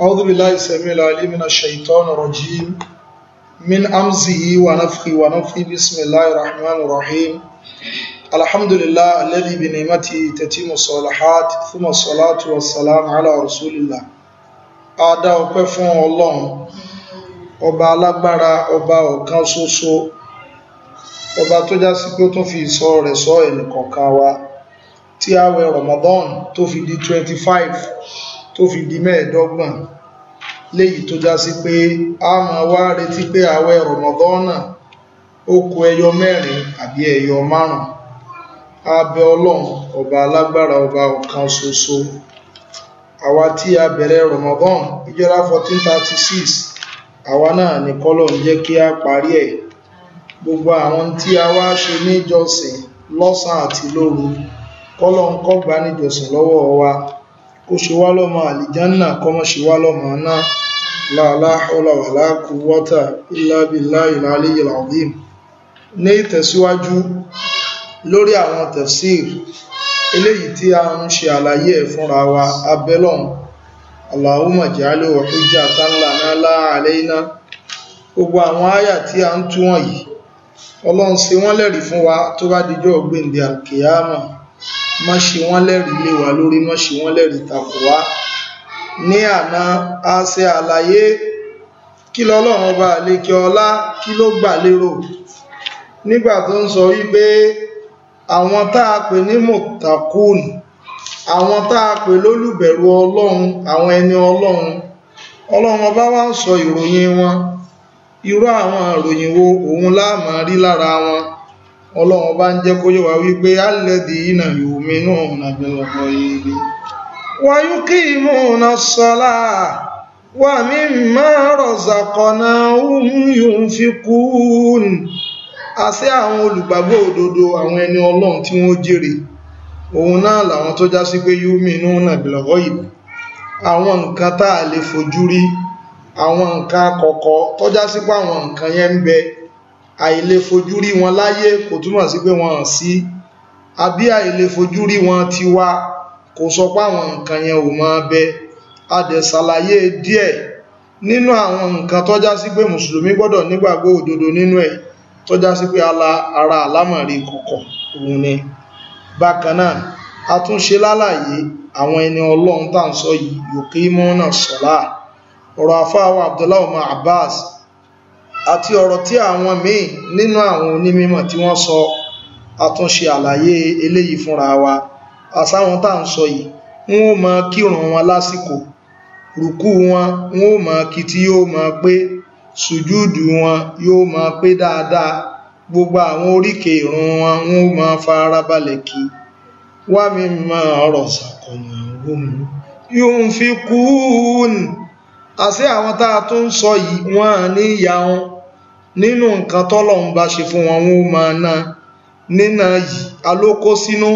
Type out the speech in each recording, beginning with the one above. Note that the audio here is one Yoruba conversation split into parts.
أعوذ بالله السميع العليم من الشيطان الرجيم من أمزه ونفخه ونفخه بسم الله الرحمن الرحيم الحمد لله الذي بنعمته تتم الصالحات ثم الصلاة والسلام على رسول الله أدا dá ọpẹ́ fún لبرا ọba alágbára ọba ọ̀kan ṣoṣo ọba tó já sí pé ó tún fi ìṣọ́ rẹ̀ ṣọ́ ẹnìkọ̀ọ̀kan wa tí ààwẹ̀ Ramadan tó fi di twenty five tó fi di mẹ́ẹ̀ẹ́dọ́gbọ̀n léyìí tó já sí pé a máa wá retí pé ààwẹ̀ rọmọdọ́nà ó kù ẹyọ mẹ́rin àbí ẹyọ márùn-ún a ọlọ́run ọba alágbára ọba ọ̀kan ṣoṣo àwa tí a bẹ̀rẹ̀ rọmọdọ́n ìjọra 1436 àwa náà ní kọ́lọ̀ ń jẹ́ kí a parí ẹ̀ gbogbo àwọn tí a wá ṣe níjọsìn lọ́sàn àti lóru kọ́lọ̀ ń kọ́gbà níjọsìn lọ́wọ́ wa kó ṣe wá lọ́mọ àlìjánà kọ́mọ́ ṣe wá lọ́mọ náà láàláhọ́lá wà láàkú wọ́ta ìlàbílá ìlàlẹ́yìn alazim ní ìtẹ̀síwájú lórí àwọn tafsir eléyìí tí a ń ṣe àlàyé ẹ̀ fúnra wa abẹ́lọ́hun Allahumma ja'alhu hujjatan lana alayna gbogbo àwọn àyà tí a ń tú wọ̀nyí ọlọ́run ṣe wọ́n lẹ́rìí fún wa tó bá dijọ́ gbèǹdé alkiyama má ṣe wọ́n lẹ́rìí lé wa lórí má ṣe wọ́n lẹ́rìí takò wá ní àná a ṣe àlàyé kí lọ́lọ́run ọba àlekè ọlá kí ló gbà lérò nígbà tó ń sọ wípé àwọn tá a pè ní mùtàkùn àwọn tá a pè lólùbẹ̀rù ọlọ́run àwọn ẹni ọlọ́run ọlọ́run ọba wá ń sọ ìròyìn wọn irú àwọn ìròyìn wo òun láàmà rí lára wọn ọlọ́run bá ń jẹ́ kó yíwa wípé alẹ́dì iná yòómi náà nàbẹ̀lọ́pọ̀ yìí wọ́n Wáyú kí ìmú na sọ́lá wà mí máa rọ̀zàkọ̀nà ohun yóò fi kú kún àṣẹ àwọn olùgbàgbọ́ òdodo àwọn ẹni ọlọ́run tí wọ́n jèrè òun náà làwọn tó já sí pé yóòmi náà nàbẹ̀lọ́pọ̀ yìí àwọn nǹkan tá a lè fojú rí àwọn nǹkan kọ̀kọ̀ tọ́já já sí pé àwọn nǹkan yẹn ń bẹ àìlè fojú rí wọn láyé kò túmọ̀ sí pé wọn hàn sí àbí àìlè fojú rí wọn ti wá kò sọ pé àwọn nǹkan yẹn ò máa bẹ a dẹ̀ ṣàlàyé díẹ̀ nínú àwọn nǹkan tọ́já sí pé mùsùlùmí gbọ́dọ̀ nígbàgbọ́ òdodo nínú ẹ̀ tọ́já sí pé ara àlámọ̀rí kọ̀kọ̀ òun ni bákan náà a tún ṣe lálàyé àwọn ẹni ọlọ́run tá à ń sọ yìí yòókì mọ́nà sọ̀lá ọ̀rọ̀ àfáà wa Abdullahi Abbas àti ọ̀rọ̀ tí àwọn míì nínú àwọn onímọ̀ tí wọ́n sọ àtúnṣe àlàyé eléyìí fúnra wa àsáwọn tá ń sọ yìí wọn ó máa kírun wọn lásìkò rùkú wọn wọn ó máa kí tí yóò máa pé sùjúdù wọn yóò máa pé dáadáa gbogbo àwọn oríkèé ìrun wọn wọn ó máa farabalẹ̀ kí wá mi máa ọ̀rọ̀ sàkọmọ ohun yóò fi kú ní àṣẹ àwọn tá a tún sọ yìí wọn ní ìyá wọn nínú nǹkan tọ́lọ́run bá ṣe fún wọn wọn ó máa ná níná yìí alókó sínú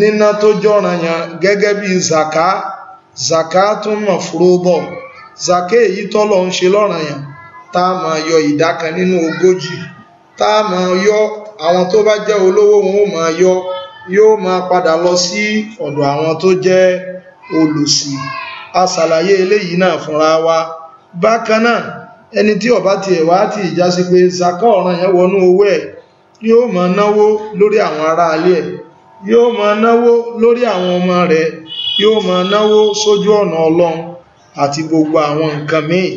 níná tó jọ̀ranyàn gẹ́gẹ́ bí zaka zaka tún mọ̀ fúróbọ̀ zaka èyí tọ́lọ́run ṣe lọ́ranyàn tá a máa yọ ìdá kan nínú ogójì tá a máa yọ àwọn tó bá jẹ́ olówó wọn ó máa yọ yóò máa padà lọ sí ọ̀dọ̀ àwọn tó jẹ́ olùsì a ṣàlàyé eléyìí náà fúnra wa bákan náà ẹni tí ọba ti ẹ̀wà ti ìjà sí pé zaka ọ̀ràn yẹn wọnú owó ẹ̀ yóò mọ náwó lórí àwọn ará ẹ̀ yóò mọ náwó lórí àwọn ọmọ rẹ̀ yóò mọ náwó sójú ọ̀nà ọlọ́run àti gbogbo àwọn nǹkan míì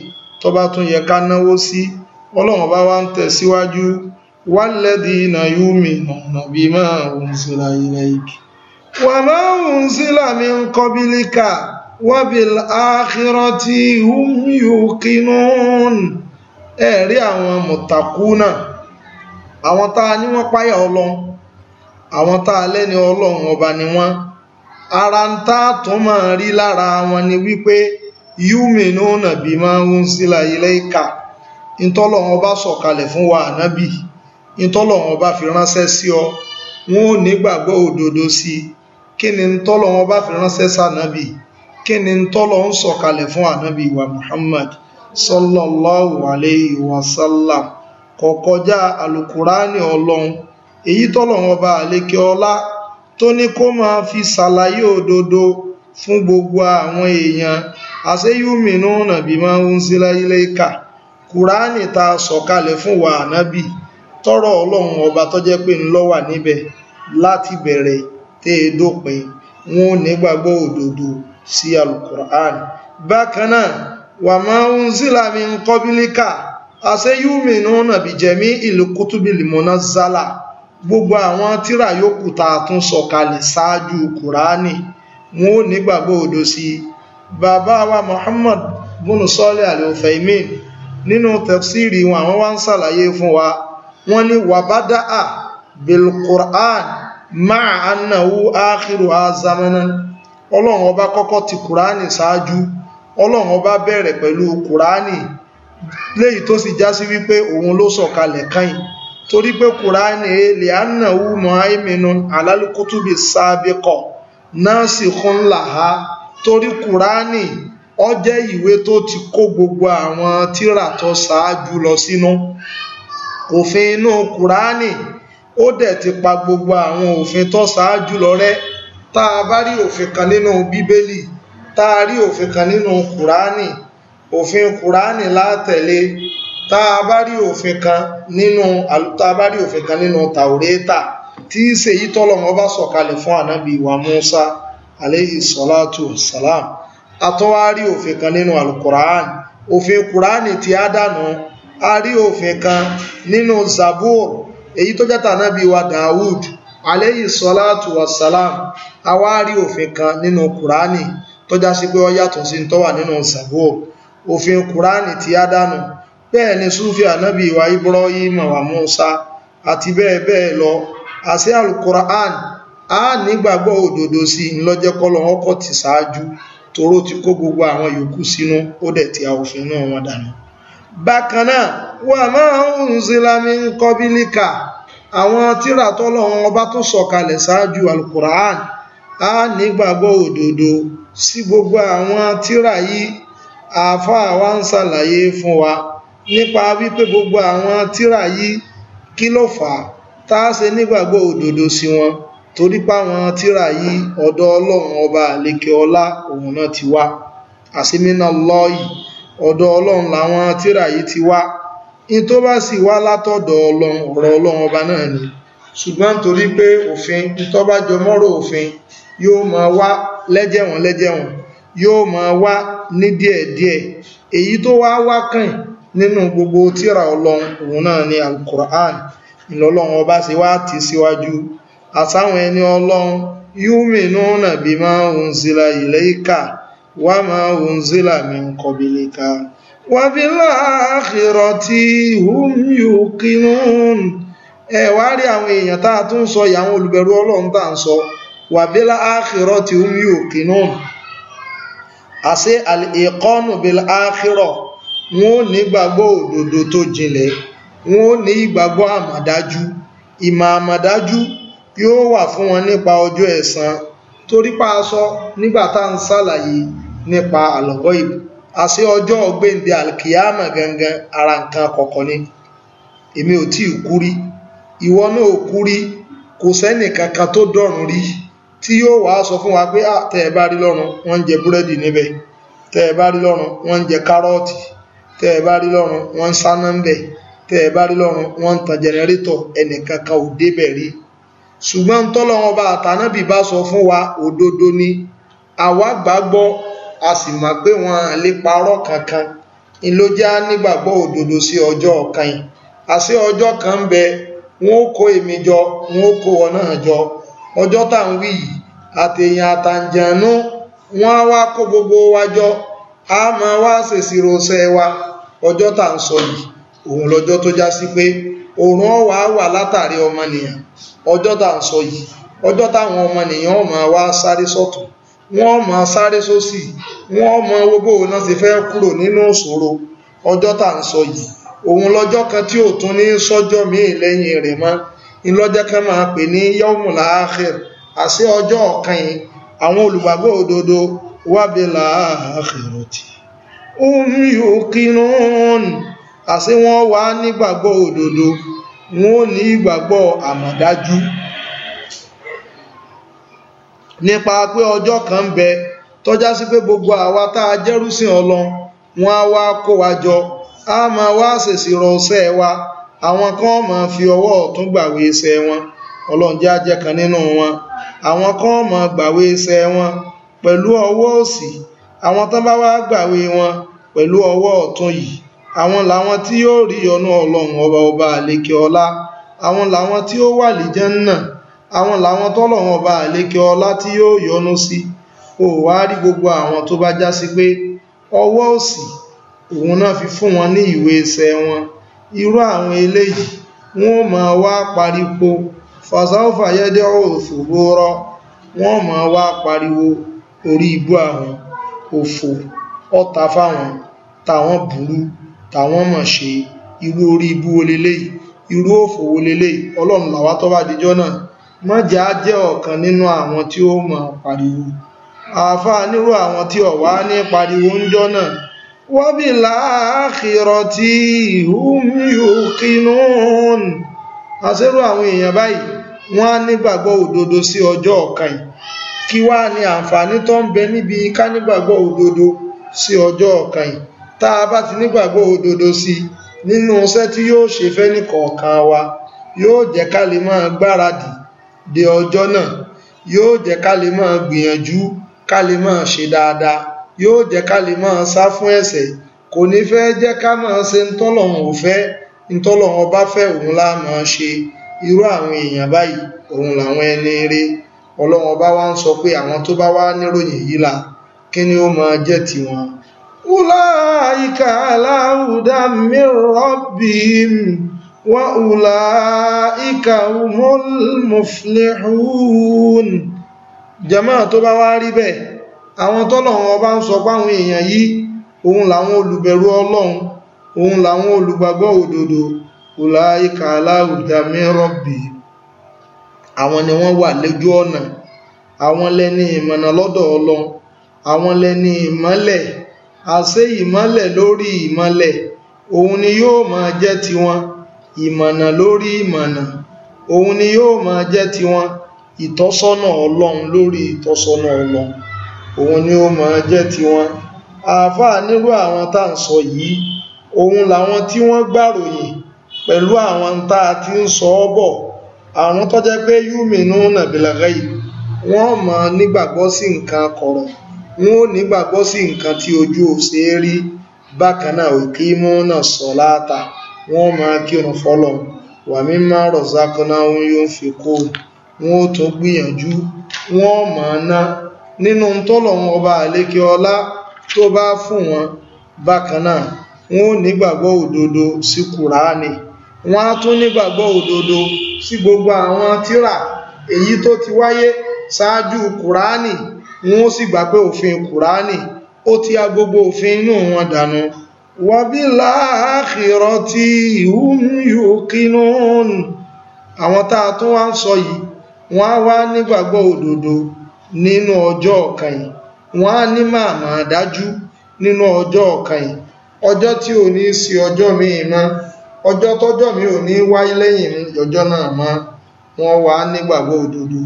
tó bá tún yẹ ká náwó sí ọlọ́run bá wá ń tẹ̀síwájú máa ń sílá ilẹ̀ wà máa ń sílá mi ń wábìláàkírọ́tì hum yuqinun ẹ̀rí àwọn mùtàkúnà àwọn tá a ní wọ́n páyà ọlọ́run àwọn tá a lẹ́ni ọlọ́run ọba ni wọ́n ara ń tá tó máa rí lára wọn ni wípé yúmínú nàbí máa ń sílà ilé ìka sọ̀kalẹ̀ fún wa ànábì fi ránṣẹ́ ọ wọn ò nígbàgbọ́ òdodo sí kí ni fi kí ni tọ́lọ̀ ń sọ̀kalẹ̀ fún ànábì wa Muhammad sallallahu alayhi wa sallam kò kọjá alukurani ọlọ́run èyí tọ́lọ̀ ọba àlékè ọlá tó ní kó máa fi ṣàlàyé òdodo fún gbogbo àwọn èèyàn àṣeyúmínú nàbí máa ń sílá ilé ìkà kùránì ta sọ̀kalẹ̀ fún wa ànábì tọ́rọ̀ ọlọ́run ọba tó jẹ́ pé ńlọ́wà níbẹ̀ láti bẹ̀rẹ̀ tẹ́ dópin wọn ò nígbàgbọ́ òdodo sí alukur'an bákanáà wà máa ń zílà mi ń kọ́bílíkà àṣeyúmi náà bí jẹ̀mí ìlú kútùbìlì mọ́ná zálà gbogbo àwọn tíra yòókù tá a tún sọ̀kalẹ̀ ṣáájú kùránì wọn ò nígbàgbọ́ òdo sí i bàbá wa Muhammad bùnú sọ́lẹ̀ àlẹ́fẹ̀mín nínú tafsiri wọn àwọn wá ń ṣàlàyé fún wa wọ́n ní wàbádáà bilkur'an máa annahu ákìrù azamanan ọlọ́run ọba kọ́kọ́ ti kùránì ṣáájú ọlọ́run ọba bẹ̀rẹ̀ pẹ̀lú kùránì léyìí tó sì já sí wípé òun ló sọ̀kalẹ̀ káyìn torí pé kùránì lè ánà wù mọ́ àìmínú alálùkútùbí sábẹ́kọ̀ náà sì kún làá torí kùránì ó jẹ́ ìwé tó ti kó gbogbo àwọn tírà tó ṣáájú lọ sínú òfin inú kùránì ó dẹ̀ ti pa gbogbo àwọn òfin tó ṣáájú lọ rẹ́ tá a bá rí òfin kan nínú bíbélì tá a rí òfin kan nínú kùránì òfin kùránì látẹ̀lé tá a bá rí òfin kan nínú tá a bá rí òfin kan nínú tàwórẹ́tà tí í ṣe yí tọ́lọ́mọ bá sọ̀kalẹ̀ fún ànábì wa Musa aleyhi salatu salam atọ́wárí òfin kan nínú alukuraan òfin kùránì tí a dànù a rí òfin kan nínú zabur èyí tó jẹ́ tànábì wa Dawud aléyìí sọ́látù wasalam a wá rí òfin kan nínú kùránì tó já sí pé ó yàtọ̀ sí tó wà nínú sàbó òfin kùránì ti á dànù bẹ́ẹ̀ ni súfì ànábì ìwà ibrahim wa musa àti bẹ́ẹ̀ bẹ́ẹ̀ lọ àṣẹ alukur'an a nígbàgbọ́ òdodo sí ńlọ́jẹ́ kọ́lọ̀ ọkọ̀ ti ṣáájú toró ti kó gbogbo àwọn yòókù sínú ó dẹ̀ ti àwòfin náà wọn dànù bákan náà wà máa ń zilami kọ́bílíkà àwọn tírà tọ́lọ́run ọba tó sọ̀kalẹ̀ ṣáájú alukur'an a nígbàgbọ́ òdodo sí gbogbo àwọn tírà yìí àáfàá wa ń ṣàlàyé fún wa nípa wípé gbogbo àwọn tírà yìí kí ló fà á tá a ṣe nígbàgbọ́ òdodo sí wọn torí páwọn tírà yìí ọ̀dọ̀ ọlọ́run ọba àlékè ọlá òun náà ti wá àṣemínà lọ́ọ̀yì ọ̀dọ̀ ọlọ́run làwọn tírà yìí ti wá. in tó bá sì wá látọ̀dọ̀ ọlọ́run ọ̀rọ̀ ọlọ́run ọba náà ni ṣùgbọ́n torí pé òfin tó mọ́rọ̀ òfin yóò máa wá lẹ́jẹ̀wọ̀n lẹ́jẹ̀wọ̀n yóò máa wá ní díẹ̀díẹ̀ èyí tó wá wá kàn nínú gbogbo tírà ọlọ́run òun náà ni alukur'an ìlọ́lọ́run ọba sì wá tì síwájú àtàwọn ẹni ọlọ́run wa ma wàfíláàkìrọ̀tì húmyùkínún ẹ wá rí àwọn èèyàn tá a tún sọ ìyàwọn olùbẹ̀rù ọlọ́run tá à ń sọ wàfíláàkìrọ̀tì húmyùkínún àṣẹ ìkọ́nù bíláàkìrọ̀ wọn ò ní gbàgbọ́ òdodo tó jinlẹ̀ wọn ò ní ìgbàgbọ́ àmàdájú ìmọ̀ àmàdájú yóò wà fún wọn nípa ọjọ́ ẹ̀san torípa aṣọ nígbà tá à ń ṣàlàyé nípa àlọ́gọ́ ìbò àṣẹ ọjọ́ ọgbẹ́ndẹ alkiyama gangan ara nǹkan kọ̀kọ̀ ni èmi ò tí ì kú rí ìwọ náà ò kú rí kò sẹ́nì kankan tó rí tí yóò sọ fún wa pé ẹ bá rí wọ́n ń jẹ búrẹ́dì níbẹ̀ tẹ́ ẹ bá rí lọ́run wọ́n ń jẹ kárọ́ọ̀tì tẹ́ ẹ bá rí lọ́run wọ́n ń sáná ń bẹ̀ ẹ bá a sì mọ̀ pé wọn lè parọ́ kankan ni ló já nígbàgbọ́ òdodo sí ọjọ́ kan yìí ọjọ́ kan ń bẹ wọn ó kó èmi jọ wọn ó kó wọn náà jọ ọjọ́ tá ń wí yìí àtèèyàn àtàǹjànú wọn á wá kó gbogbo wa jọ a máa wá ṣèṣirò ṣẹ wa ọjọ́ tá ń sọ yìí òun lọ́jọ́ tó já sí pé òòrùn ọwà wà látàrí ọmọnìyàn ọjọ́ tá ń sọ yìí ọjọ́ táwọn ọmọnìyàn ó máa wá sáré sọ́tún wọ́n mọ sáré sósì wọ́n mọ gbogbo òun náà ti fẹ́ kúrò nínú ìṣòro ọjọ́ tá à ń sọ yìí òun lọ́jọ́ kan tí ò tún ní sọ́jọ́ míì lẹ́yìn rẹ̀ mọ́ ìlọ́jẹ́ kan máa pè ní yawmul àṣẹ ọjọ́ ọ̀kan yìí àwọn olùgbàgbọ́ òdodo wábìlà àkhirati um yuqinun àṣẹ wọn wà nígbàgbọ́ òdodo wọn ò ní ìgbàgbọ́ àmọ̀dájú nípa pé ọjọ́ kan ń bẹ tọ́já sí pé gbogbo àwa tá a jẹ́rúsìn Ọlọ́run wọn á wá kó wa jọ á máa wá ṣèṣì rọ ọṣẹ́ wa àwọn kan máa fi ọwọ́ ọ̀tún gbàwé iṣẹ́ wọn Ọlọ́run jẹ́ ajẹ́ kan nínú wọn àwọn kan máa gbàwé iṣẹ́ wọn pẹ̀lú ọwọ́ òsì àwọn tán bá wá gbàwé wọn pẹ̀lú ọwọ́ ọ̀tún yìí àwọn làwọn tí yóò rí ọnú Ọlọ́run ọba ọba àlekè ọlá àwọn làwọn tí ó wà lìjẹ́ náà àwọn làwọn tọ́lọ̀wọ̀n ọba àlékè ọlá tí yóò yọ́nú sí o wá rí gbogbo àwọn tó bá já sí pé ọwọ́ òsì òun náà fi fún wọn ní ìwé iṣẹ́ wọn irú àwọn eléyìí wọn ò máa wá pariwo fàṣàófà yẹ́dẹ́ òfòróró wọn máa wá pariwo orí ibú àwọn òfò ọ̀tá fáwọn táwọn burú táwọn mọ̀ ṣe irú orí ibú wo irú òfò wo ọlọ́run làwa bá dijọ́ náà mọ́jà jẹ́ ọ̀kan nínú àwọn tí ó mọ̀ pariwo àáfàá nírú àwọn tí ọ̀wá ní pariwo ń jọ́ náà wọ́n bí láàkìrọ̀ tí ìhùn yóò kínú àṣírò àwọn èèyàn báyìí wọ́n á nígbàgbọ́ òdodo sí ọjọ́ ọ̀kan yìí kí wá ní àǹfààní tó ń bẹ níbi ká nígbàgbọ́ òdodo sí ọjọ́ ọ̀kan yìí tá a bá ti nígbàgbọ́ òdodo sí nínú iṣẹ́ tí yóò ṣe fẹ́ nìkọ̀ọ̀kan wa yóò jẹ́ ká lè máa gbáradì dé ọjọ́ náà yóò jẹ́ ká lè máa gbìyànjú ká lè máa ṣe dáadáa yóò jẹ́ ká lè máa sá fún ẹ̀ṣẹ̀ kò ní fẹ́ jẹ́ ká máa ṣe ntọ́lọ̀hún ò fẹ́ ntọ́lọ̀hún ọba fẹ́ òun la máa ṣe irú àwọn èèyàn báyìí òun làwọn ẹni rí ọlọ́run ọba wa ń sọ pé àwọn tó bá wá níròyìn yìí la kí ni ó máa jẹ́ tiwọn. ulaika ala hudan min rabbihim. وَأُولَٰئِكَ هُمُ الْمُفْلِحُونَ jàmáà tó bá wá rí bẹ́ẹ̀ àwọn tọ́lọ̀run ọba ń sọ páwọn èèyàn yìí òun làwọn olùbẹ̀rù ọlọ́run òun làwọn olùgbàgbọ́ òdodo ọ̀làíkà aláhùdámí rọ̀bì àwọn ni wọ́n wà lójú ọ̀nà àwọn lẹ́ni ìmọ̀nà lọ́dọ̀ ọlọ́run àwọn lẹ́ni ìmọ́lẹ̀ àṣẹ ìmọ́lẹ̀ lórí ìmọ́lẹ̀ òun ni yóò máa jẹ́ tiwọn ìmọ̀nà lórí ìmọ̀nà òun ni yóò máa jẹ́ tiwọn ìtọ́sọ́nà ọlọ́run lórí ìtọ́sọ́nà ọlọ́run òun ni ó máa jẹ́ tiwọn àáfàá nírú àwọn tá à ń sọ yìí òun làwọn tí wọ́n gbàròyìn pẹ̀lú àwọn tá a ti ń sọ ọ́ bọ̀ àwọn tó jẹ́ pé yúmínú nàbìlàgẹ́ yìí wọ́n máa nígbàgbọ́ sí nǹkan kọ̀rọ̀ wọn ò nígbàgbọ́ sí nǹkan tí ojú ò ṣe é rí bákan náà òkè mú náà sọ láta wọ́n máa kírun fọ́lọ̀ wà mímá rọ̀zákaná wọn yóò fi kó wọn ó tún gbìyànjú wọ́n máa ná nínú tọ́lọ̀wọ́n ọba àlékí ọlá tó bá fún wọn bákanáà wọ́n ó nígbàgbọ́ òdodo sí kùránì wọ́n á tún nígbàgbọ́ òdodo sí gbogbo àwọn tírà èyí tó ti wáyé ṣáájú kùránì wọ́n ó sì gbà pé òfin kùránì ó ti a gbogbo òfin inú wọn dànù wàbíláàkìrọtí hum yuqinun àwọn tá a tún wá ń sọ yìí wọ́n á wá nígbàgbọ́ òdodo nínú ọjọ́ ọ̀kàyìn wọ́n á ní màmá dájú nínú ọjọ́ ọ̀kàyìn ọjọ́ tí ò ní sí ọjọ́ míì mọ́ ọjọ́ tọ́jọ́ mi ò ní wáyé lẹ́yìn ọjọ́ náà mọ́ wọ́n wá nígbàgbọ́ òdodo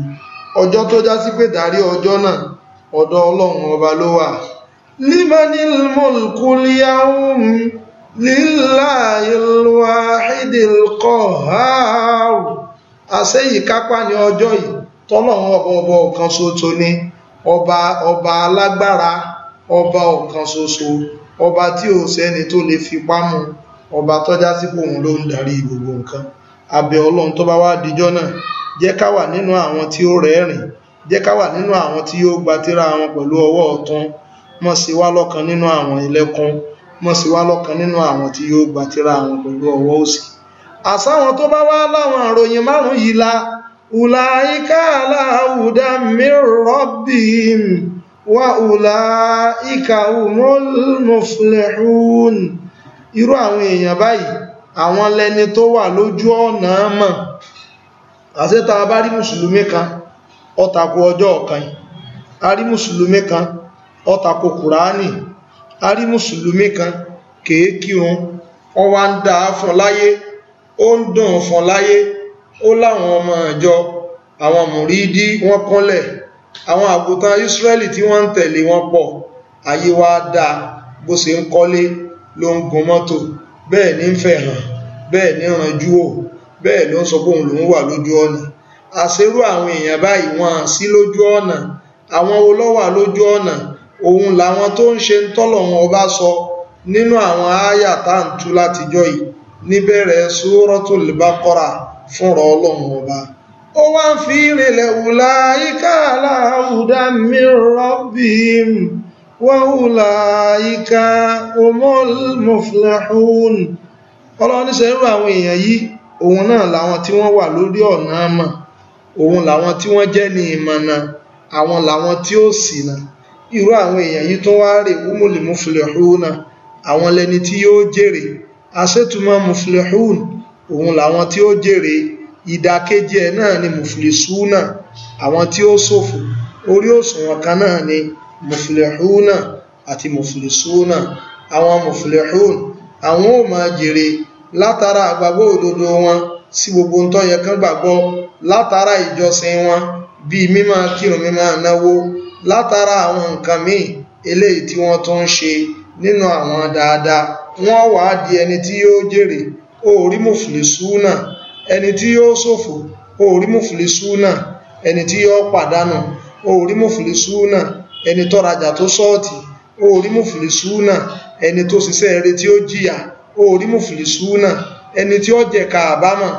ọjọ́ tó já sí pé dárí ọjọ́ náà ọ̀dọ̀ Ọlọ́run ọba ló wà لمن الملك اليوم لله الواحد القهار àṣẹ ìkápá ní ọjọ́ yìí tọ́lọ́run ọba ọba ọ̀kan ṣoṣo ni ọba ọba alágbára ọba ọ̀kan ṣoṣo ọba tí ò sẹ́ni tó lè fipá mú ọba tọ́já sípò òun ló ń darí gbogbo nǹkan abẹ ọlọ́run tó bá wá dijọ́ náà jẹ́ ká wà nínú àwọn tí ó rẹ́rìn jẹ́ ká wà nínú àwọn tí yóò gba wọn pẹ̀lú ọwọ́ ọ̀tún mọ́ sí wá lọ́kan nínú àwọn ẹlẹ́kún mọ́ sí wá lọ́kan nínú àwọn tí yóò gba tírà àwọn pẹ̀lú ọwọ́ òsì àsáwọn tó bá wá láwọn àròyìn márùn yìí la ùlàíkà aláhùdá mírọ̀bìm wà ùlàíkà umulmuflihun irú àwọn èèyàn báyìí àwọn lẹni tó wà lójú ọ̀nà mọ̀ àṣẹ́ta bá rí mùsùlùmí kan ó ọjọ́ ọ̀kan a mùsùlùmí kan ọ̀tàkò kùránì a rí mùsùlùmí kan kèékì òun wọ́n wá ń dá fún láyé ó ń dùn fún láyé ó láwọn ọmọ ìjọ àwọn mùrídí wọ́n kúnlẹ̀ àwọn àgùntàn Ísírẹ́lì tí wọ́n ń tẹ̀lé wọn pọ̀ ayé wa dá bó ṣe ń kọ́lé ló ń gun mọ́tò bẹ́ẹ̀ ní ń fẹ̀hàn bẹ́ẹ̀ ní ranjú ò bẹ́ẹ̀ ló ń sọ pé òun lòún wà lójú ọ̀nà àṣerú àwọn èèyàn báyìí wọn sí lójú ọ̀nà àwọn olówà lójú ọ̀nà òun làwọn tó ń ṣe tọ́lọ̀hún ọba sọ nínú àwọn ááyà táǹtú látijọ́ yìí níbẹ̀rẹ̀ Suratul Baqara fúnra ọlọ́run ọba ó wá ń fi ìrìnlẹ̀ wùlá ikà aláhùdá mìírànbìm wọ́hùlá ikà omolmuflehun ọlọ́run níṣẹ́ irú àwọn èèyàn yìí òun náà làwọn tí wọ́n wà lórí ọ̀nà àmà òun làwọn tí wọ́n jẹ́ ní ìmọ̀nà àwọn làwọn tí ó ṣìnà irú àwọn èèyàn yìí tó wá rè wúmùlì muflihuna àwọn lẹni tí yóò jèrè àṣètùmọ̀ muflihun òun làwọn tí ó jèrè ìdàkejì ẹ̀ náà ni muflisuna àwọn tí ó ṣòfò orí òṣùwọ̀n kan náà ni muflihuna àti muflisuna àwọn muflihun àwọn ò máa jèrè látara àgbàgbọ́ òdodo wọn sí gbogbo ń tó yẹ kán látara ìjọsìn wọn bíi mímọ́ kírun mímọ́ náwó látara àwọn nǹkan míì eléyìí tí wọ́n tún ń ṣe nínú àwọn dáadáa wọ́n wà á di ẹni tí yóò jèrè orí mùfìlìsúnà ẹni tí yóò ṣòfò orí mùfìlìsúnà ẹni tí yóò pàdánù orí mùfìlìsúnà ẹni tó rajà tó ṣọ́ọ̀tì orí mùfìlìsúnà ẹni tó ṣiṣẹ́ rere tí ó jìyà orí mùfìlìsúnà ẹni tí ó jẹ kàbámọ̀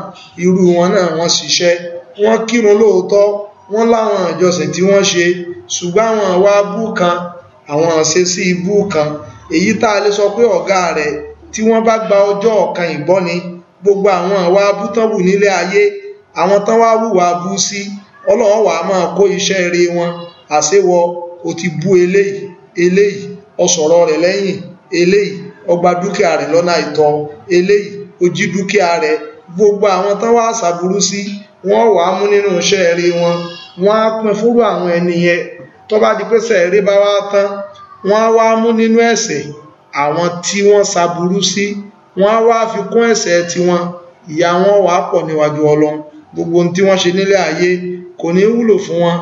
irú wọn náà wọ́n ṣiṣẹ́ wọ́n kírun lóòótọ́ wọ́n láwọn ìjọsìn tí wọ́n ṣe ṣùgbọ́n àwọn àwa bú kan àwọn àṣesí ibú kan èyí tá a lè sọ pé ọ̀gá rẹ̀ tí wọ́n bá gba ọjọ́ ọ̀kan ìbọn ni gbogbo àwọn àwa abútọ́wù nílé ayé àwọn tán wá wùwà bú sí ọlọ́wọ́ wàá máa kó iṣẹ́ eré wọn àṣewọ o ti bú eléyìí eléyìí ọsọ̀rọ̀ rẹ̀ lẹ́yìn eléyìí ọgbà dúkìá rẹ̀ lọ́nà àìtọ́ eléyìí ojí dúkìá rẹ̀ gbogbo àwọn tán wá ṣàbúrú sí wọ́n wàá mú nínú iṣẹ́ eré wọn wọ́n á pín fúrú àwọn ẹni yẹn tó bá di pé sẹ̀rí bá wá tán wọ́n á wá mú nínú ẹ̀ṣẹ̀ àwọn tí wọ́n ṣaburú sí wọ́n á wá fi kún ẹ̀ṣẹ̀ tiwọn ìyà wọn wàá pọ̀ níwájú ọlọ́run gbogbo ohun tí wọ́n ṣe nílé ayé kò ní wúlò fún wọn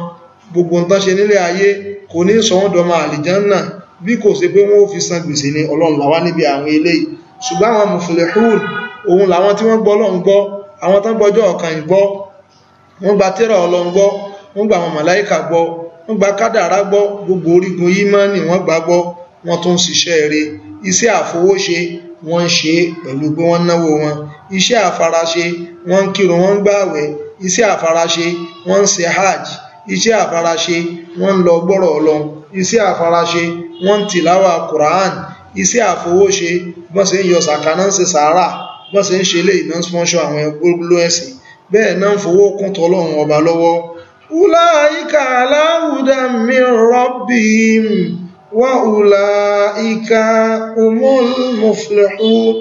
gbogbo ohun tán ṣe nílé ayé kò ní sọ wọ́n dọmọ àlìjánà bí kò ṣe pé wọ́n ó fi san gbèsè ní ọlọ́run làwá níbi àwọn eléyìí ṣùgbọ́n àwọn mufilihun òun làwọn tí wọ́n gbọ́ ọlọ́run gbọ́ àwọn tán gbọ́jọ́ ọ̀kan ìgbọ́ wọ́n gba tẹ́rà ọlọ́run gbọ́ wọ́n gba àwọn màláìkà wọ́n gba kádàrá gbọ́ gbogbo orígun ímánì wọ́n gbàgbọ́ wọ́n tún ń ṣiṣẹ́ rẹ̀ iṣẹ́ àfowóṣe wọ́n ń ṣe pẹ̀lú pé wọ́n náwó wọn iṣẹ́ àfaraṣe wọ́n ń kírun wọ́n ń gbààwẹ̀ iṣẹ́ àfaraṣe wọ́n ń ṣe hajj iṣẹ́ àfaraṣe wọ́n ń lọ gbọ́rọ̀ Ọlọ́run iṣẹ́ àfaraṣe wọ́n ń tìláwà Quran iṣẹ́ àfowóṣe wọ́n ṣe ń yọ sàkánà ń ṣe sàárà wọ́n ṣe ń ṣe ilé ìná sponsor àwọn ẹgbẹ́ olóẹ̀sìn bẹ́ẹ̀ náà ń fowó kún tọ́lọ́run ọba lọ́wọ́ أولئك على هدى من ربهم وأولئك هم المفلحون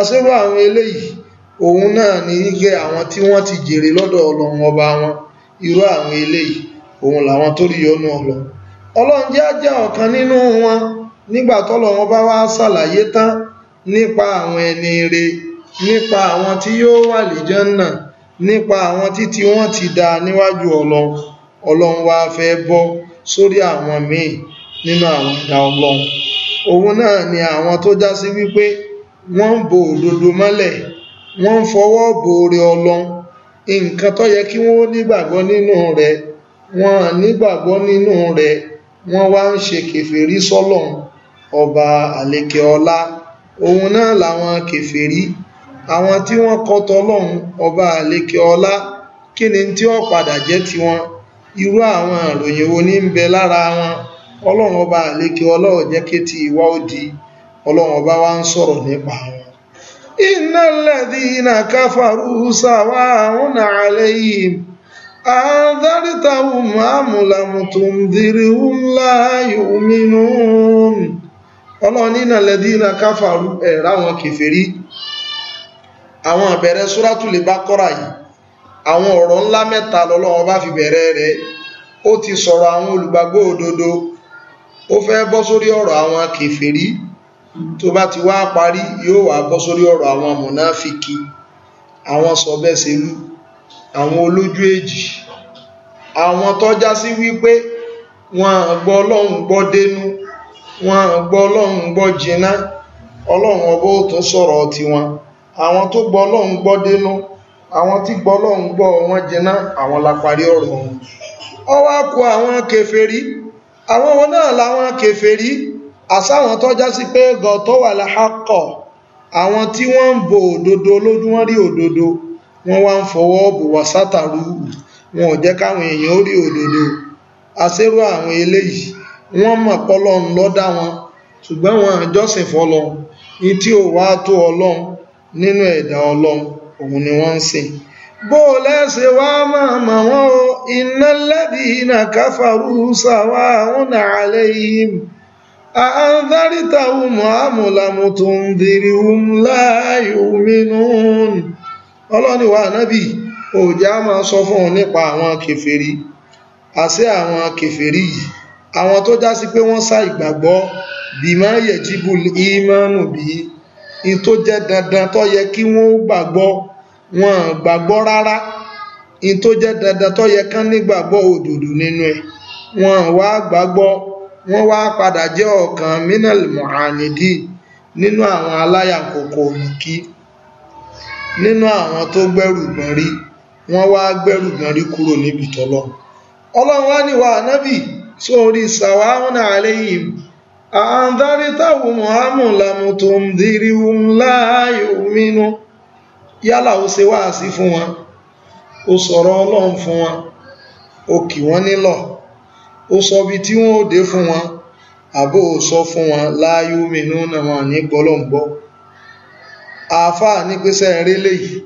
àṣírò àwọn eléyìí òun náà ní gẹ àwọn tí wọ́n ti jèrè lọ́dọ̀ Ọlọ́run ọba wọn irú àwọn eléyìí òun làwọn tó rí yọ́nú ọlọ Ọlọ́run jẹ́ ajá ọ̀kan nínú wọn nígbà tọ́lọ́run bá wá ṣàlàyé tán nípa àwọn ẹni rere nípa àwọn tí yóò wà lè jẹ náà nípa àwọn títí wọ́n ti dá níwájú ọlọ́run ọlọ́run wá fẹ́ bọ́ sórí àwọn míì nínú àwọn ẹ̀dá ọlọ́run òun náà ni àwọn tó já sí wípé wọ́n ń bo òdodo mọ́lẹ̀ wọ́n ń fọwọ́ bo oore ọlọ́run nǹkan tó yẹ kí wọ́n nígbàgbọ́ nínú rẹ̀ wọ́n nígbàgbọ́ nínú rẹ̀ wọ́n wá ń ṣe kèfèrí sọ́lọ́run ọba àlekè òun náà làwọn kèfèrí àwọn tí wọ́n kọtọ lọ́hun ọba àlékẹ ọlá kí ni tí ó padà jẹ́ tiwọn irú àwọn ìròyìn wo ní ń bẹ lára wọn ọlọ́run ọba àlékẹ ọlọ́run jẹ́ kí ti ìwá ó di ọlọ́run ọba wá ń sọ̀rọ̀ nípa wọn innal ladhina kafaru sawa'un alayhim أنذرتهم أم لم تنذرهم لا يؤمنون ọlọ́run ní innal ladhina kafaru ẹ̀rá wọn kèfèrí àwọn àbẹ̀rẹ̀ súrátùlé bá kọ́ra yìí àwọn ọ̀rọ̀ ńlá mẹ́ta lọ́lọ́wọ́n bá fi bẹ̀rẹ̀ rẹ̀ ó ti sọ̀rọ̀ àwọn olùgbàgbọ́ òdodo ó fẹ́ bọ́ sórí ọ̀rọ̀ àwọn kèfèrí tó bá ti wá parí yóò wá bọ́ sórí ọ̀rọ̀ àwọn mùnáfìkì àwọn sọ̀bẹ́sẹ̀lú àwọn olójú èjì àwọn tọ́já sí wípé wọn gbọ́ ọlọ́run gbọ́ dénú wọn gbọ́ ọlọ́run gbọ́ jiná ọlọ́run ọbọ̀ ó tún sọ̀rọ̀ tiwọn àwọn tó gbọ́ ọlọ́run gbọ́ dénú àwọn tí gbọ́ ọlọ́run gbọ́ wọn jẹná àwọn la parí ọ̀rọ̀ wọn ọ wá kó àwọn kèfèrí àwọn wọn náà làwọn kèfèrí àsáwọn tó já sí pé gọ̀tọ́ wà láhàkọ̀ àwọn tí wọ́n ń bo òdodo lójú wọn rí òdodo wọ́n wá ń fọwọ́ bò wá sátàrú wọn ò jẹ́ káwọn èèyàn ó rí òdodo aṣérò àwọn eléyìí wọ́n mọ̀ pọ́lọ́run lọ́dá wọn ṣùgbọ́n wọn àjọsìn fọlọ́run ní tí ò wá tó ọlọ́run nínú ẹ̀dá ọlọ́run òun ni wọ́n ń sìn bó lẹ́sẹ̀ wá máa mọ̀ wọ́n o iná lẹ́bí iná káfàrú sàwà àwọn nàálẹ́ yìí a ń dárítà umu amúlamù tó ń dìrì umu láàyò mínún ọlọ́ni wa nábì òjá máa sọ fún un nípa àwọn kèfèrí àṣẹ àwọn kèfèrí yìí àwọn tó já sí pé wọ́n sá ìgbàgbọ́ bímọ yẹ̀jíbù ìmánù bíi in tó jẹ dandan tó yẹ kí wọ́n gbagbọ wọn gbàgbọ́ rárá in tó jẹ dandan tó yẹ kán nígbàgbọ́ òdodo nínú ẹ wọn wá gbàgbọ́ wọn wá padà jẹ́ minal muhanidi nínú àwọn aláyàkòkò nìkí nínú àwọn tó gbẹ́rù wá kúrò níbi wá nábì sórí àǹdárítàwò mọ̀hámù lamùtùm dìríhùn láàyò mínú yálà ó ṣe wáàsí fún wọn ó sọ̀rọ̀ ọlọ́run fún wọn ó kì wọ́n nílọ̀ ó sọ bí tí wọ́n ó dé fún wọn àbó ò sọ fún wọn láàyò mínú náà ní gbọ́lọ́ǹgbọ́ àáfàá ní pẹ́sẹ́ eré léyìí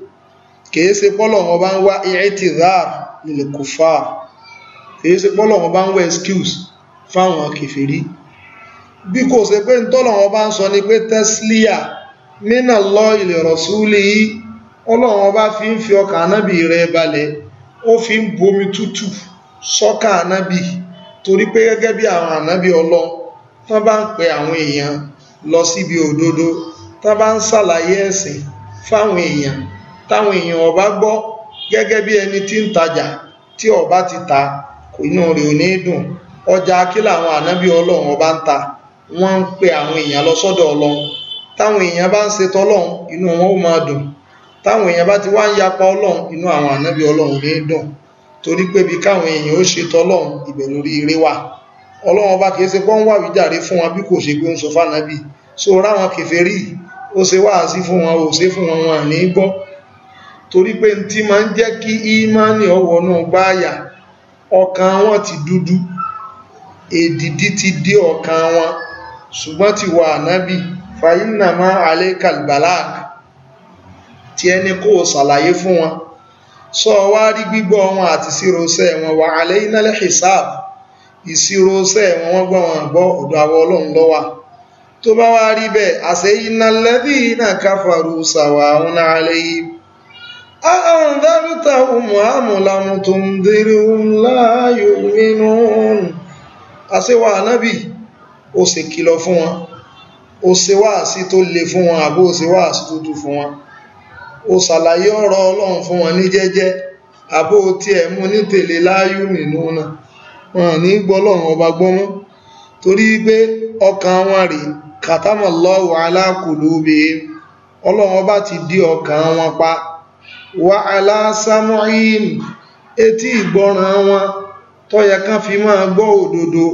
kìí ṣe pọ́lọ̀ wọn bá ń wá i'tizar lil kufar kìí ṣe pọ́lọ̀ wọn bá ń wá excuse fáwọn kèfèrí biko kò ṣe pé tọ́lọ̀wọ́ bá ń sọ ni pé tẹ́sílíà nínà lọ ilẹ̀ rọ̀súlì yìí ọlọ́wọ́ bá fi ń fi ọkà anabi rẹ balẹ̀ ó fi ń bomi tútù sọ́kà anabi torí pé gẹ́gẹ́ bí àwọn ànábì ọlọ́ tán bá ń pe àwọn èèyàn lọ síbi òdodo tán bá ọba gbọ́ gẹ́gẹ́ bí ẹni tí ọba ti ta inú rẹ̀ ò ní dùn ọjà kí làwọn ànábì ọlọ́run ọba ń wọ́n ń pe àwọn èèyàn lọ sọ́dọ̀ ọlọ́run táwọn èèyàn bá ń ṣe tọ́lọ́run inú wọn ó máa dùn táwọn èèyàn bá ti wá ń yapa ọlọ́run inú àwọn ànábì ọlọ́run ní dùn torí pé bí káwọn èèyàn ó ṣe tọ́lọ́run ibẹ̀ lórí eré wà ọlọ́run bá kìí ṣe pọ́n wà wíjàre fún wọn bí kò ṣe pé ń sọ fánàbì so ráwọn kèfèrí ó ṣe wáàsí fún wọn ò ṣe fún wọn wọn ní gbọ́ torí pé n tí máa ń jẹ́ kí ímánì ọwọ́ náà gbáàyà ọkàn wọn ti dúdú èdìdí ti dé ọkàn wọn ṣùgbọ́n ti wà náàbì fàyínà má alẹ́ kalbala tí ẹni kó sàlàyé fún wọn sọ wá rí gbígbọ́ wọn àti ìṣirọ́sẹ́ wọn wà alẹ́ inálẹ̀ hisab ìṣirọ́sẹ́ wọn wọ́n gbọ́ wọn gbọ́ ọ̀dọ̀ àwọ ọlọ́run lọ́wà tó bá wá rí bẹ́ẹ̀ àṣẹ iná lẹ́bí iná káfàrú sàwà àwọn alẹ́ yìí أأنذرتهم أم لم تنذرهم لا يؤمنون àṣẹ wà náàbì ó ṣe kìlọ̀ fún wọn ó ṣe wáàsí tó le fún wọn àbó ó ṣe wáàsí tó tú fún wọn ó ṣàlàyé ọ̀rọ̀ ọlọ́run fún wọn ní jẹ́jẹ́ àbó tiẹ̀ mú ní tèlé láyú nínú náà wọn ní gbọ́lọ́run ọba gbọ́mọ́ torí pé ọkàn wọn rè kàtàmọ̀lọ́wọ̀ alákùlúbi ọlọ́run ọba ti dí ọkàn wọn pa wà aláṣámọ́ìm etí ìgbọ́ràn wọn tó yẹ kán fi máa gbọ́ òdodo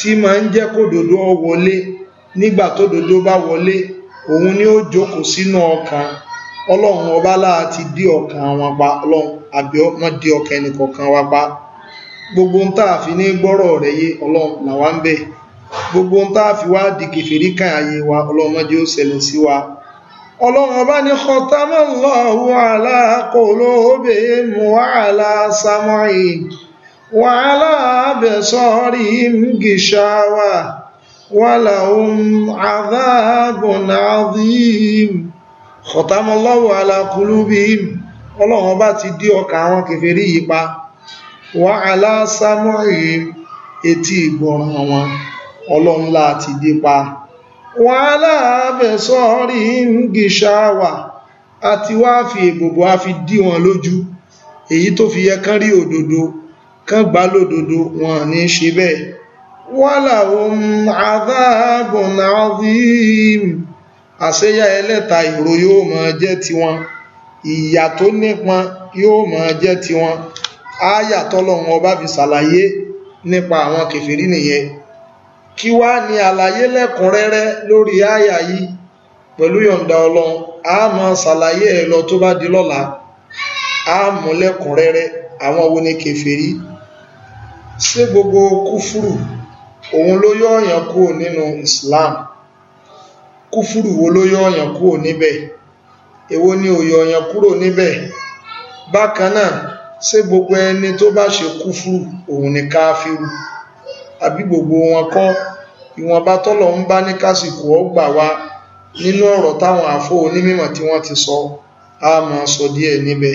tí máa ń jẹ́ kódodo wọlé nígbà tódodo bá wọlé òun ni ó jókòó sínú ọkàn ọlọ́run ọba láà ti dí ọkàn wọn pa ọlọ́run àbí wọ́n dí ọkàn ẹnìkọ̀ọ̀kan wa pa gbogbo ń tá a fi ní gbọ́rọ̀ rẹ̀ yé ọlọ́run làwa ń bẹ̀ gbogbo ń fi wá di kèfèrí kan àyè wa ọlọ́run mọ́jú ó ṣẹlẹ̀ sí wa ọlọ́run ọba ní khatamallahu ala qulubihim wa ala sam'ihim وعلى أبصارهم غشاوة ولهم عذاب عظيم ختم الله على قلوبهم ọlọ́run bá ti dí ọkàn àwọn kèfèrí yìí pa wà aláṣàmọ́rì etí ìgbọ̀ràn wọn ọlọ́run láti dí pa wà aláàbẹ̀sọ́rì ń gìṣà wà àti wá fi ìbòbò a fi dí wọn lójú èyí tó fi yẹ kán rí òdodo kán gbá lódodo wọn ní ṣe bẹ́ẹ̀ wọ́láhùn um, àdáàbùn àdíìm àṣeyá ẹlẹ́ta ìró yóò máa jẹ́ tiwọn ìyà tó nípọn yóò máa jẹ́ tiwọn ááyà tọ́lọ́run ọba fi ṣàlàyé nípa àwọn kèfèrí nìyẹn kí wá ní àlàyé lẹ́kùnrẹ́rẹ́ lórí ááyà yìí pẹ̀lú yọ̀ǹda ọlọ́run a máa ṣàlàyé ẹ̀ lọ tó bá di lọ́la á mú lẹ́kùnrẹ́rẹ́ àwọn wo ni kèfèrí ṣé gbogbo kúfúrù òun ló yọ ọ̀yàn kúrò nínú Islam kúfúrù wo ló yọ ọ̀yàn kúrò níbẹ̀ èwo ni ò yọ ọ̀yàn kúrò níbẹ̀ bákan náà ṣé gbogbo ẹni tó bá ṣe kúfúrù òun ni káfíru àbí gbogbo wọn kọ́ ìwọ̀nba tọ́lọ̀ ń bá ní kásìkò ọgbà wa nínú ọ̀rọ̀ táwọn àfó onímọ̀ tí wọ́n ti sọ a máa sọ díẹ̀ níbẹ̀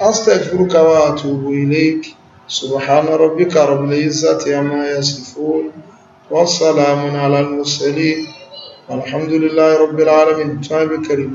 أستغفرك وأتوب إليك سبحان ربك رب العزة عما يصفون والسلام على المرسلين والحمد لله رب العالمين كتاب كريم